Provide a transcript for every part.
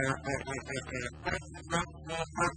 Yeah, yeah, yeah, yeah, yeah.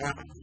woman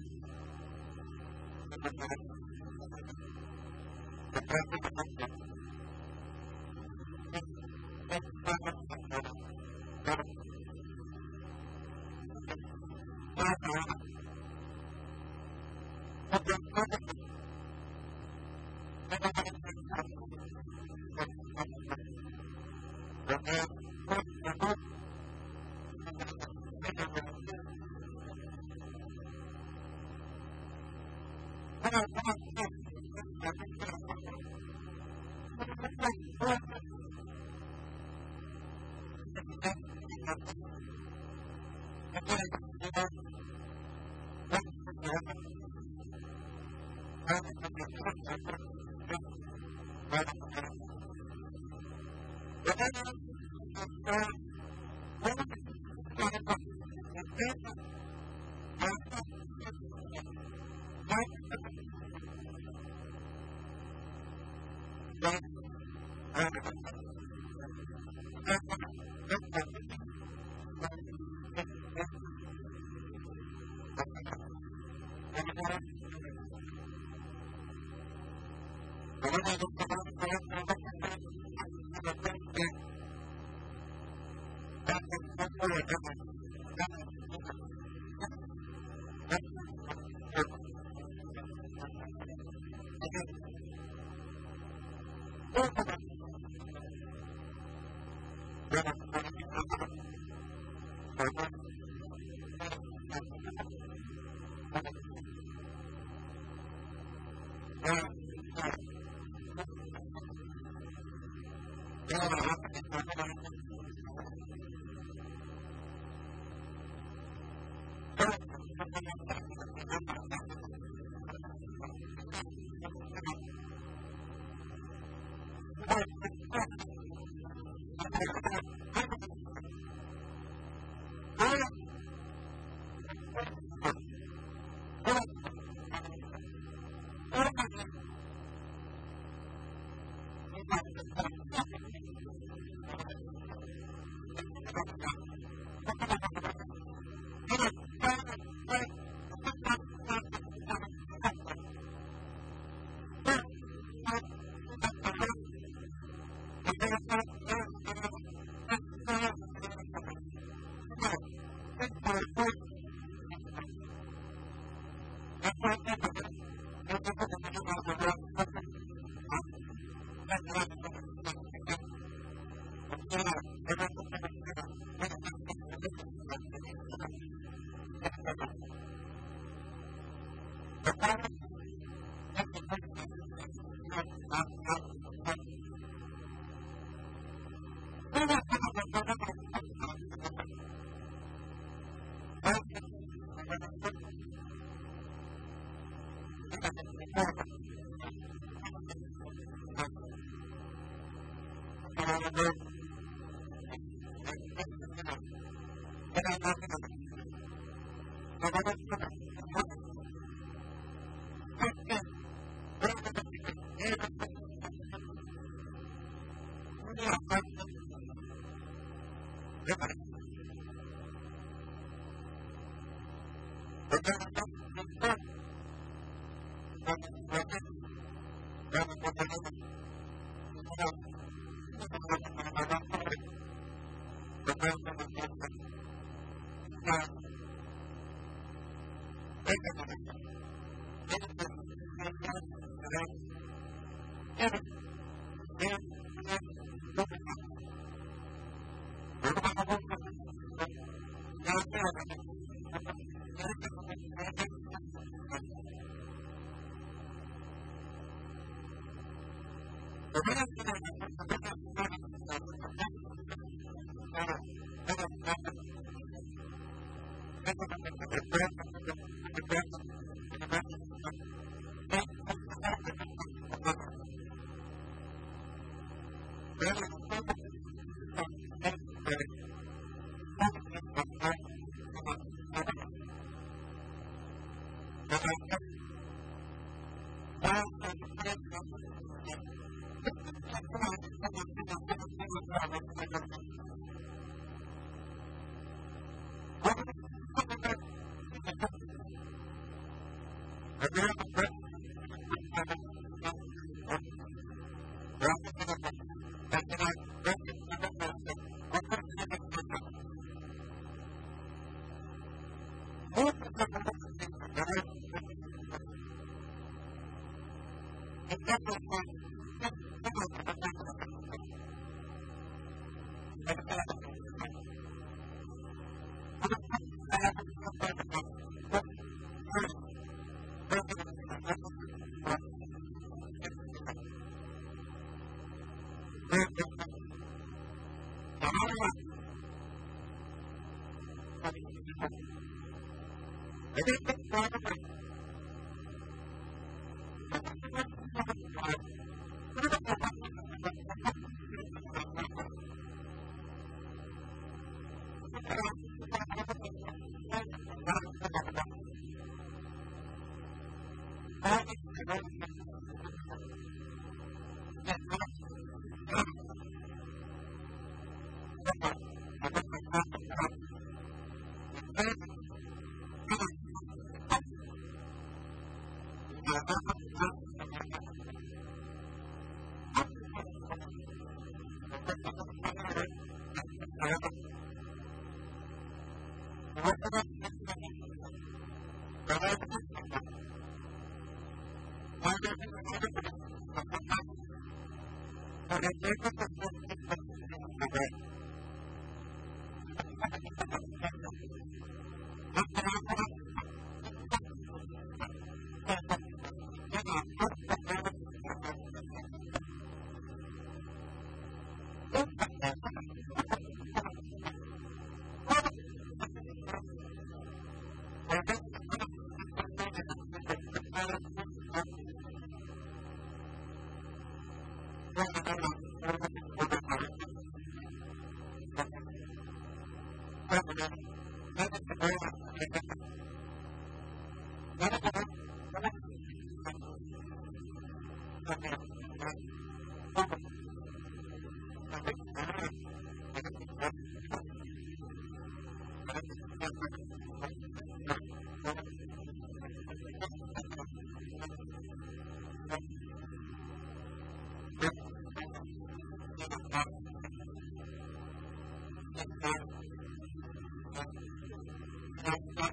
Thank you. Thank you. Thank you.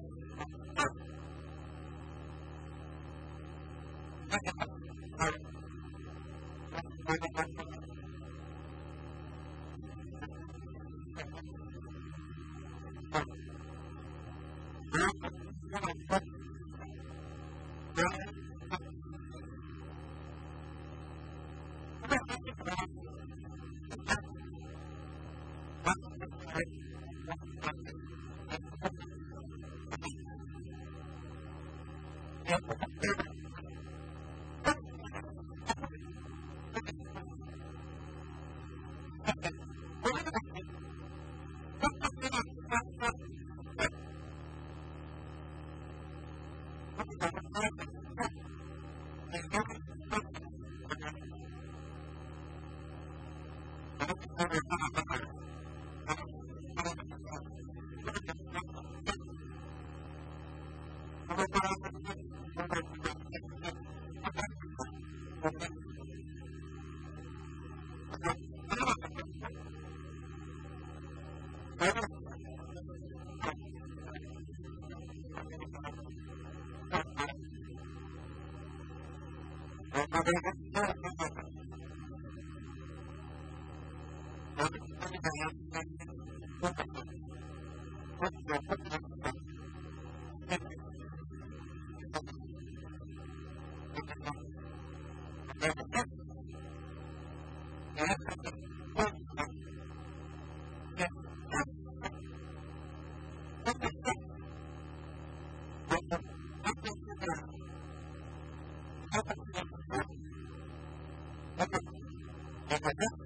Jakarta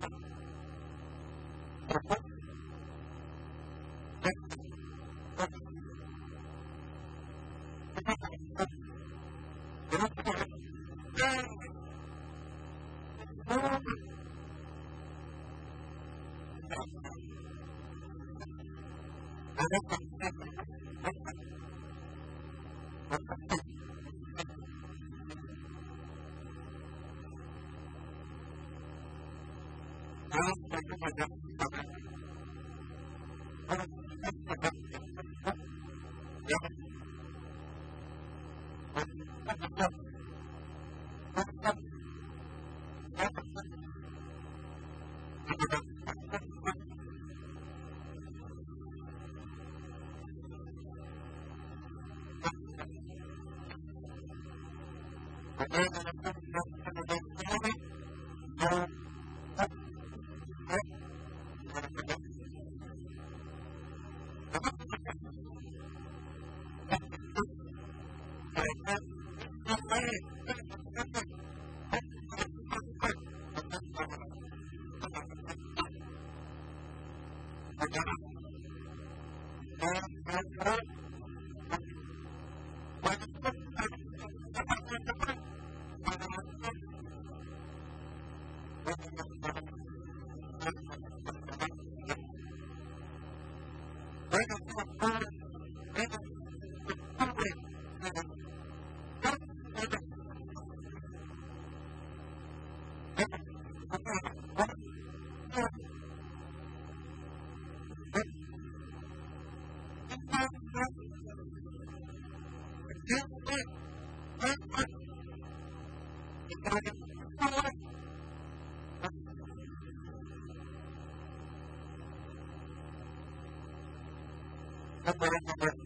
no podemos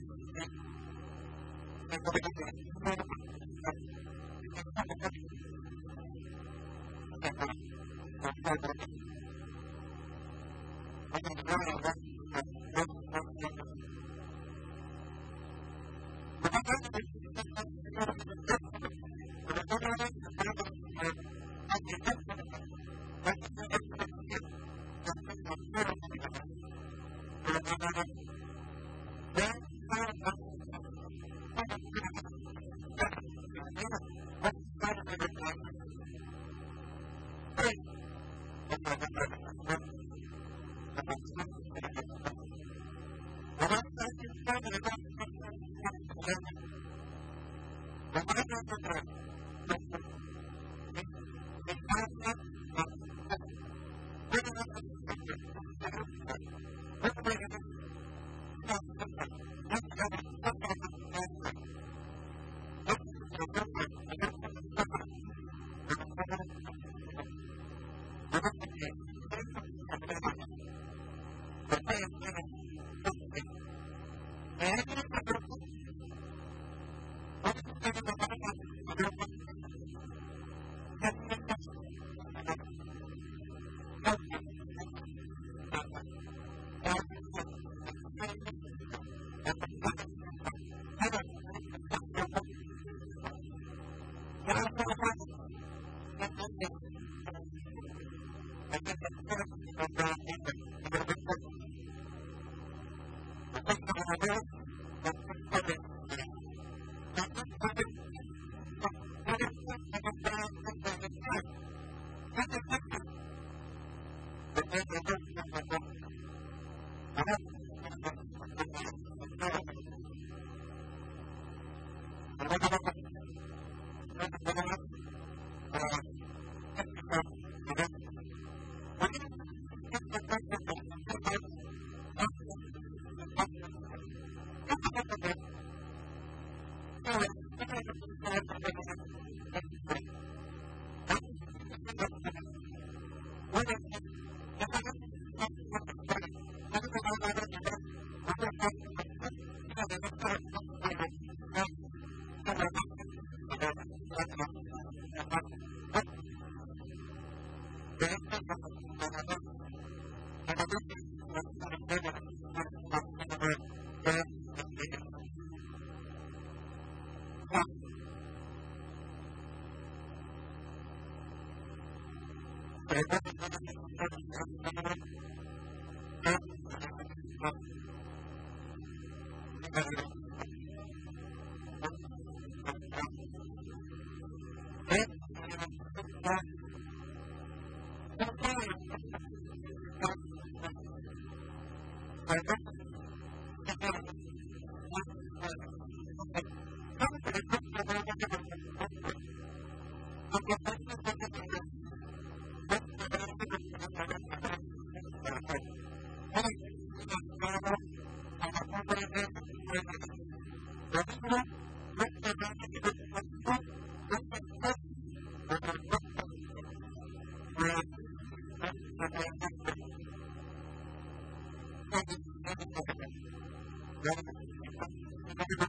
Thank you. government.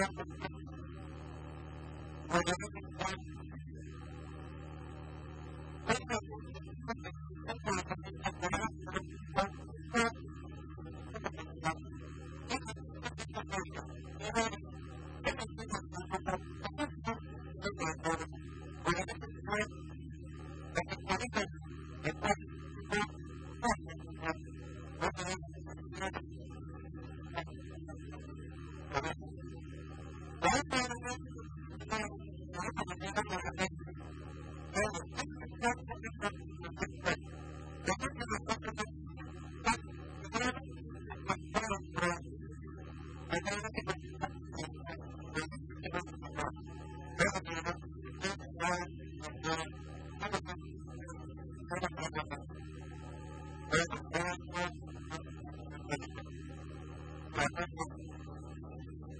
happened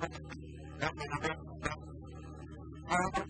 Thank you.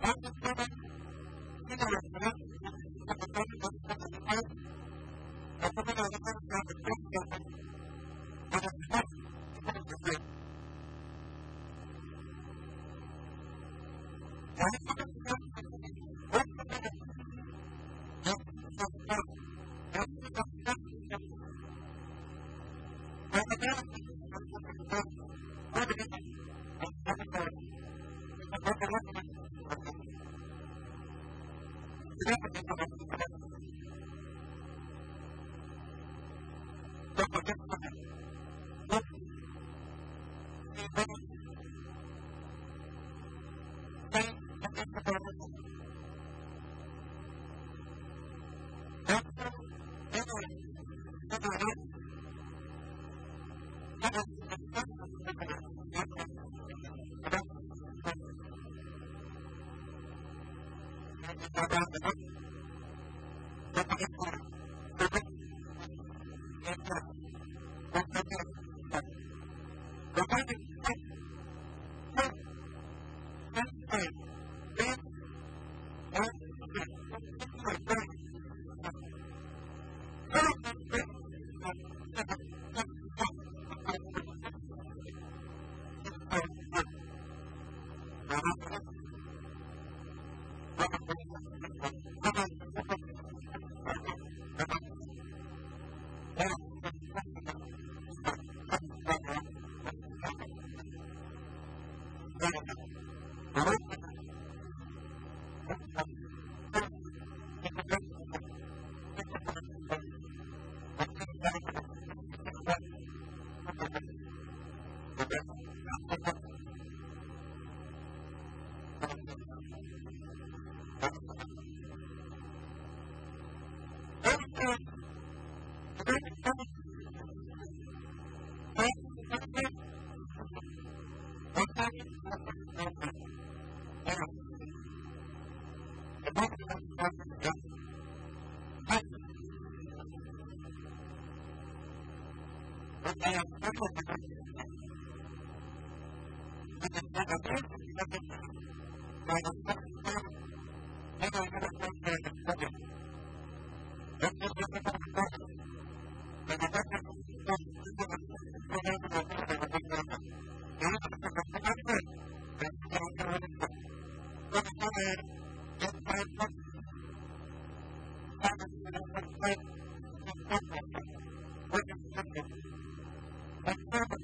Vamos I'm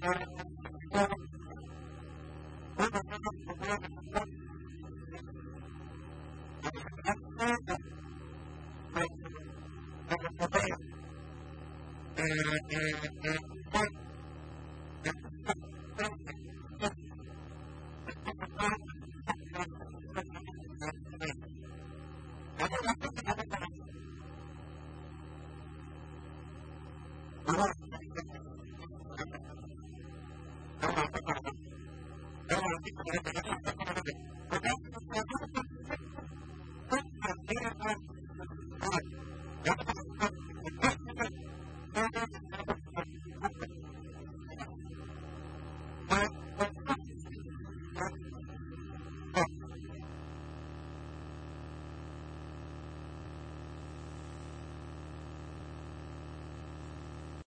Thank you.